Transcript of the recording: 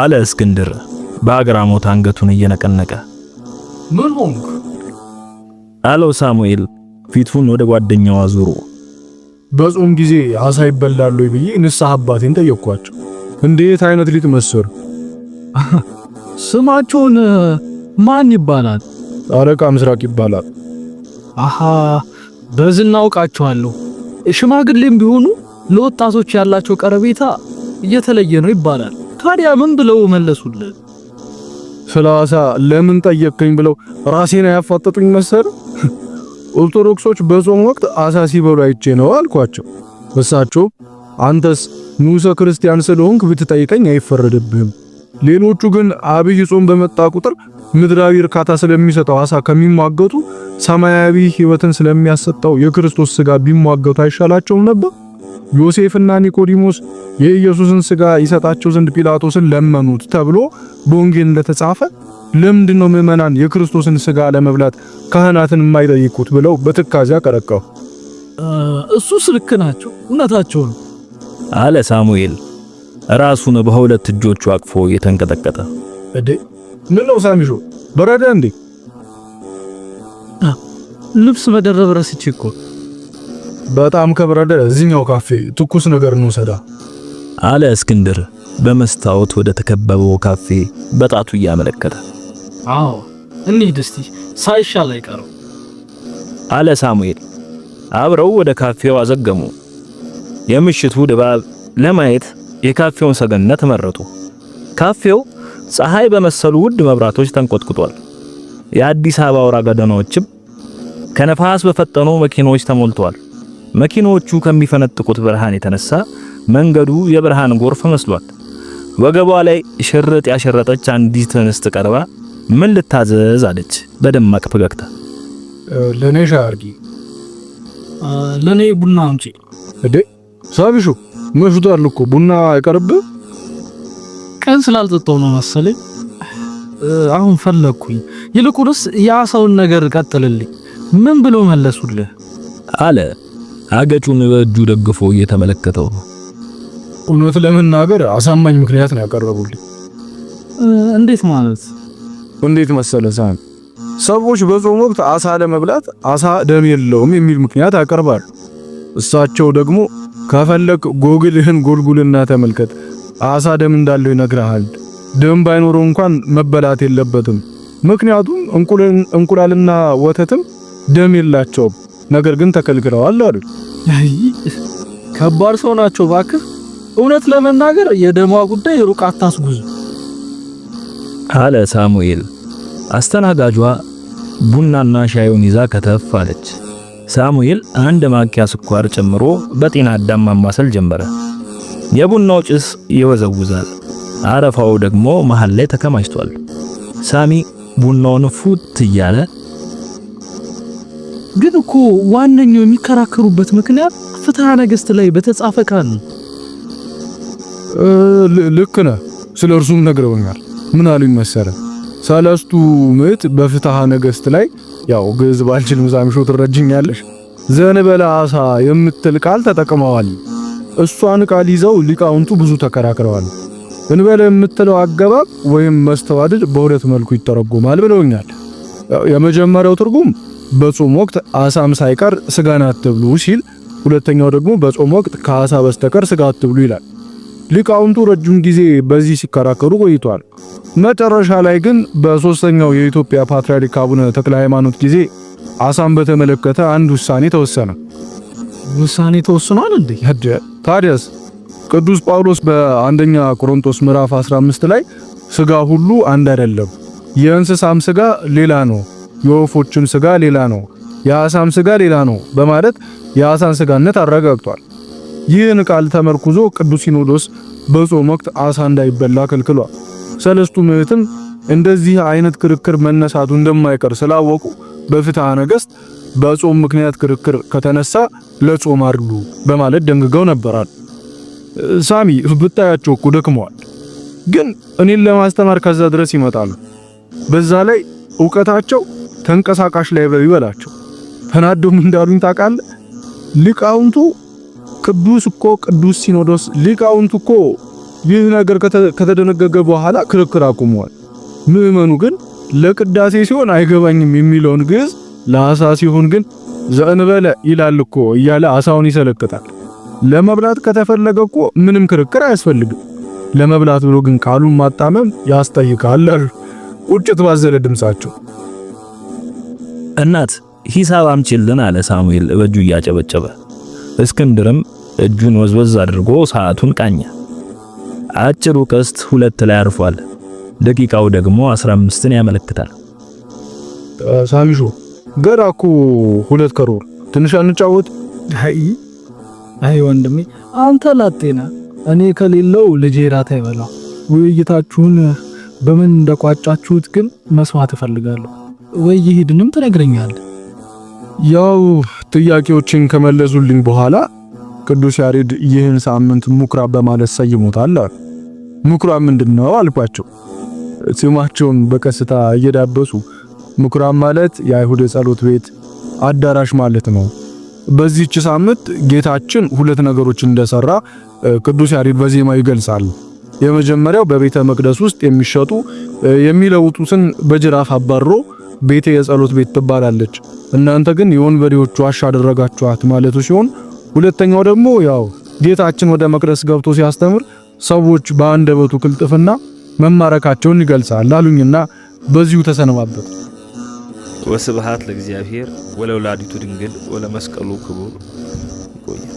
አለ እስክንድር በአግራሞት አንገቱን እየነቀነቀ። ምን ሆንክ? አለው ሳሙኤል ፊቱን ወደ ጓደኛው አዙሮ። በጾም ጊዜ አሳ ይበላሉ ብዬ ንስሐ አባቴን ጠየቅኳቸው። እንዴት አይነት ሊት መስር ስማቸውን ማን ይባላል? አለቃ ምስራቅ ይባላል። አሃ በዝና አውቃቸዋለሁ። ሽማግሌም ቢሆኑ ለወጣቶች ያላቸው ቀረቤታ እየተለየ ነው ይባላል። ታዲያ ምን ብለው መለሱልህ? ስለ አሳ ለምን ጠየቅከኝ ብለው ራሴን ያፋጠጡኝ መሰል። ኦርቶዶክሶች በጾም ወቅት አሳ ሲበሉ አይቼ ነው አልኳቸው። እሳቸው አንተስ ንዑሰ ክርስቲያን ስለሆንክ ብትጠይቀኝ አይፈረድብህም። ሌሎቹ ግን አብይ ጾም በመጣ ቁጥር ምድራዊ እርካታ ስለሚሰጠው አሳ ከሚሟገቱ ሰማያዊ ሕይወትን ስለሚያሰጠው የክርስቶስ ሥጋ ቢሟገቱ አይሻላቸውም ነበር? ዮሴፍና ኒቆዲሞስ የኢየሱስን ሥጋ ይሰጣቸው ዘንድ ጲላጦስን ለመኑት ተብሎ በወንጌል እንደተጻፈ ለምንድን ነው ምዕመናን የክርስቶስን ሥጋ ለመብላት ካህናትን የማይጠይቁት ብለው በትካዜ አቀረቀሩ? እሱ ስልክ ናቸው፣ እውነታቸው ነው አለ ሳሙኤል ራሱን በሁለት እጆቹ አቅፎ የተንቀጠቀጠ። እዴ ምን ነው ሳሚሾ በረደ እንዴ? ልብስ መደረብ ረስቼ እኮ በጣም ከበረደ እዚህኛው ካፌ ትኩስ ነገር እንውሰዳ አለ እስክንድር በመስታወት ወደ ተከበበው ካፌ በጣቱ እያመለከተ። አዎ እንሂድ እስቲ ሳይሻል አይቀርም አለ ሳሙኤል። አብረው ወደ ካፌው አዘገሙ። የምሽቱ ድባብ ለማየት የካፌውን ሰገነት መረጡ። ካፌው ፀሐይ በመሰሉ ውድ መብራቶች ተንቆጥቁጧል። የአዲስ አበባ አውራ ጎዳናዎችም ከነፋስ በፈጠኑ መኪኖች ተሞልተዋል። መኪኖቹ ከሚፈነጥቁት ብርሃን የተነሳ መንገዱ የብርሃን ጎርፍ መስሏት። ወገቧ ላይ ሽርጥ ያሸረጠች አንዲት እንስት ቀርባ ምን ልታዘዝ አለች በደማቅ ፈገግታ። ለኔ ሻይ ለኔ ቡና አምጪ። እዴ ሳቢሹ መሽቷል እኮ ቡና አይቀርብ። ቀን ስላልጠጣው ነው መሰለኝ። አሁን ፈለግኩኝ። ይልቁንስ ያ ሰውን ነገር ቀጥልልኝ። ምን ብሎ መለሱልህ? አለ አገጩን በእጁ ደግፎ እየተመለከተው ነው። እውነት ለመናገር አሳማኝ ምክንያት ነው ያቀረቡልኝ። እንዴት ማለት እንዴት መሰለ ሳን ሰዎች በጾም ወቅት አሳ ለመብላት አሳ ደም የለውም የሚል ምክንያት ያቀርባል። እሳቸው ደግሞ ከፈለክ ጎግልህን ጎልጉልና ተመልከት አሳ ደም እንዳለው ይነግርሃል። ደም ባይኖረው እንኳን መበላት የለበትም፣ ምክንያቱም እንቁላልና ወተትም ደም የላቸውም። ነገር ግን ተከልክለዋል አሉ። ከባድ ሰው ናቸው እባክህ። እውነት ለመናገር የደሟ ጉዳይ ሩቅ አታስጉዙ አለ ሳሙኤል። አስተናጋጇ ቡናና ሻዩን ይዛ ከተፍ አለች። ሳሙኤል አንድ ማንኪያ ስኳር ጨምሮ በጤና አዳም ማማሰል ጀመረ። የቡናው ጭስ ይወዘውዛል፣ አረፋው ደግሞ መሃል ላይ ተከማችቷል። ሳሚ ቡናውን ፉት እያለ ግን እኮ ዋነኛው የሚከራከሩበት ምክንያት ፍትሐ ነገሥት ላይ በተጻፈ ቃል ልክ ነህ። ስለ እርሱም ነግረውኛል። ምን አሉኝ መሰለ ሰለስቱ ምዕት በፍትሐ ነገሥት ላይ ያው ግዕዝ ባልችል ምዛምሾ ትረጅኛለሽ ዘንበለ አሳ የምትል ቃል ተጠቅመዋል። እሷን ቃል ይዘው ሊቃውንቱ ብዙ ተከራክረዋል። እንበለ የምትለው አገባብ ወይም መስተዋድድ በሁለት መልኩ ይተረጎማል ብለውኛል። የመጀመሪያው ትርጉም በጾም ወቅት አሳም ሳይቀር ስጋን አትብሉ ሲል፣ ሁለተኛው ደግሞ በጾም ወቅት ከአሳ በስተቀር ስጋ አትብሉ ይላል። ሊቃውንቱ ረጅም ጊዜ በዚህ ሲከራከሩ ቆይቷል። መጨረሻ ላይ ግን በሶስተኛው የኢትዮጵያ ፓትርያርክ አቡነ ተክለ ሃይማኖት ጊዜ አሳም በተመለከተ አንድ ውሳኔ ተወሰነ። ውሳኔ ተወስኗል እንዴ? ታዲያስ ቅዱስ ጳውሎስ በአንደኛ ቆሮንቶስ ምዕራፍ 15 ላይ ስጋ ሁሉ አንድ አይደለም፣ የእንስሳም ስጋ ሌላ ነው የወፎችም ስጋ ሌላ ነው፣ የአሳም ስጋ ሌላ ነው በማለት የአሳን ስጋነት አረጋግጧል። ይህን ቃል ተመርኩዞ ቅዱስ ሲኖዶስ በጾም ወቅት አሳ እንዳይበላ ከልክሏል። ሰለስቱ ምዕትም እንደዚህ አይነት ክርክር መነሳቱ እንደማይቀር ስላወቁ በፍትሐ ነገሥት በጾም ምክንያት ክርክር ከተነሳ ለጾም አርዱ በማለት ደንግገው ነበራል። ሳሚ ብታያቸው እኮ ደክመዋል፣ ግን እኔን ለማስተማር ከዛ ድረስ ይመጣሉ። በዛ ላይ እውቀታቸው ተንቀሳቃሽ ላይ ብለው ይበላቸው። ተናዶም እንዳሉኝ ታቃል። ሊቃውንቱ ቅዱስ እኮ ቅዱስ ሲኖዶስ ሊቃውንቱ እኮ ይህ ነገር ከተደነገገ በኋላ ክርክር አቁመዋል። ምእመኑ ግን ለቅዳሴ ሲሆን አይገባኝም የሚለውን ግዕዝ ለአሳ ሲሆን ግን ዘእንበለ ይላል እኮ እያለ አሳውን ይሰለቅጣል። ለመብላት ከተፈለገ እኮ ምንም ክርክር አያስፈልግም። ለመብላት ብሎ ግን ቃሉን ማጣመም ያስጠይቃል አሉ ቁጭት ባዘለ ድምፃቸው። እናት ሂሳብ አምጪልን አለ ሳሙኤል በእጁ እያጨበጨበ። እስክንድርም እጁን ወዝወዝ አድርጎ ሰዓቱን ቃኘ። አጭሩ ቀስት ሁለት ላይ አርፏል። ደቂቃው ደግሞ 15ን ያመለክታል። ሳሚሾ ገና እኮ ሁለት ከሩብ ትንሽ አንጫወት። አይ አይ ወንድሜ አንተ ላጤና እኔ ከሌለው ልጄ ራት አይበላው። ውይይታችሁን በምን እንደቋጫችሁት ግን መስዋዕት እፈልጋለሁ። ወይ ይሄድንም ያው ጥያቄዎችን ከመለሱልኝ በኋላ ቅዱስ ያሬድ ይህን ሳምንት ምኵራብ በማለት ሰይሞታል። ምኵራብ ምንድን አልኳቸው። ስማቸውን በቀስታ እየዳበሱ ምኵራብ ማለት የአይሁድ የጸሎት ቤት አዳራሽ ማለት ነው። በዚህች ሳምንት ጌታችን ሁለት ነገሮች እንደሰራ ቅዱስ ያሬድ በዜማው ይገልጻል። የመጀመሪያው በቤተ መቅደስ ውስጥ የሚሸጡ የሚለውጡትን በጅራፍ አባሮ ቤቴ የጸሎት ቤት ትባላለች፣ እናንተ ግን የወንበዴዎች ዋሻ አደረጋችኋት ማለቱ ሲሆን ሁለተኛው ደግሞ ያው ጌታችን ወደ መቅደስ ገብቶ ሲያስተምር ሰዎች በአንደበቱ ቅልጥፍና መማረካቸውን ይገልጻል አሉኝና በዚሁ ተሰነባበት። ወስብሃት ለእግዚአብሔር ወለወላዲቱ ድንግል ወለመስቀሉ ክቡር።